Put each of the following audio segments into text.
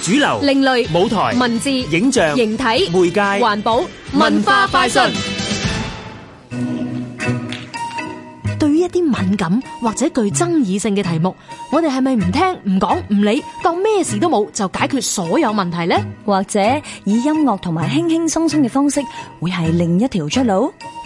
主流、另類舞台、文字、影像、形體、媒介、環保、文化、快訊。對於一啲敏感或者具爭議性嘅題目，我哋係咪唔聽、唔講、唔理，當咩事都冇就解決所有問題呢？或者以音樂同埋輕輕鬆鬆嘅方式，會係另一條出路？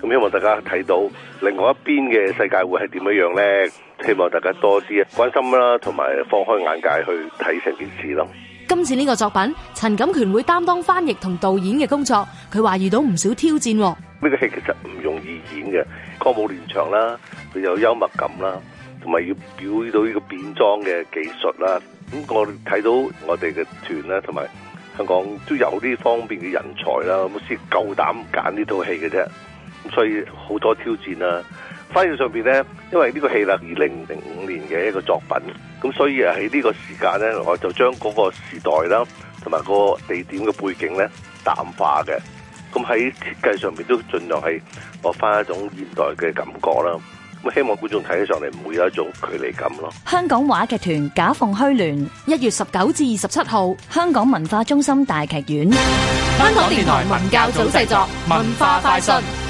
咁希望大家睇到另外一邊嘅世界會係點樣樣咧？希望大家多啲關心啦，同埋放開眼界去睇成件事咯。今次呢個作品，陳錦權會擔當翻譯同導演嘅工作。佢話遇到唔少挑戰。呢個戲其實唔容易演嘅，歌舞連場啦，佢有幽默感啦，同埋要表演到呢個變裝嘅技術啦。咁我哋睇到我哋嘅團啦，同埋香港都有呢方面嘅人才啦，咁先夠膽揀呢套戲嘅啫。所以好多挑戰啦、啊。翻譯上邊咧，因為呢個戲係二零零五年嘅一個作品，咁所以喺呢個時間咧，我就將嗰個時代啦、啊，同埋個地點嘅背景咧淡化嘅。咁喺設計上面都盡量係我翻一種現代嘅感覺啦。咁希望觀眾睇起上嚟唔會有一種距離感咯、啊。香港話劇團《假鳳虛鸞》，一月十九至二十七號，香港文化中心大劇院。香港電台文教組製作，文化快訊。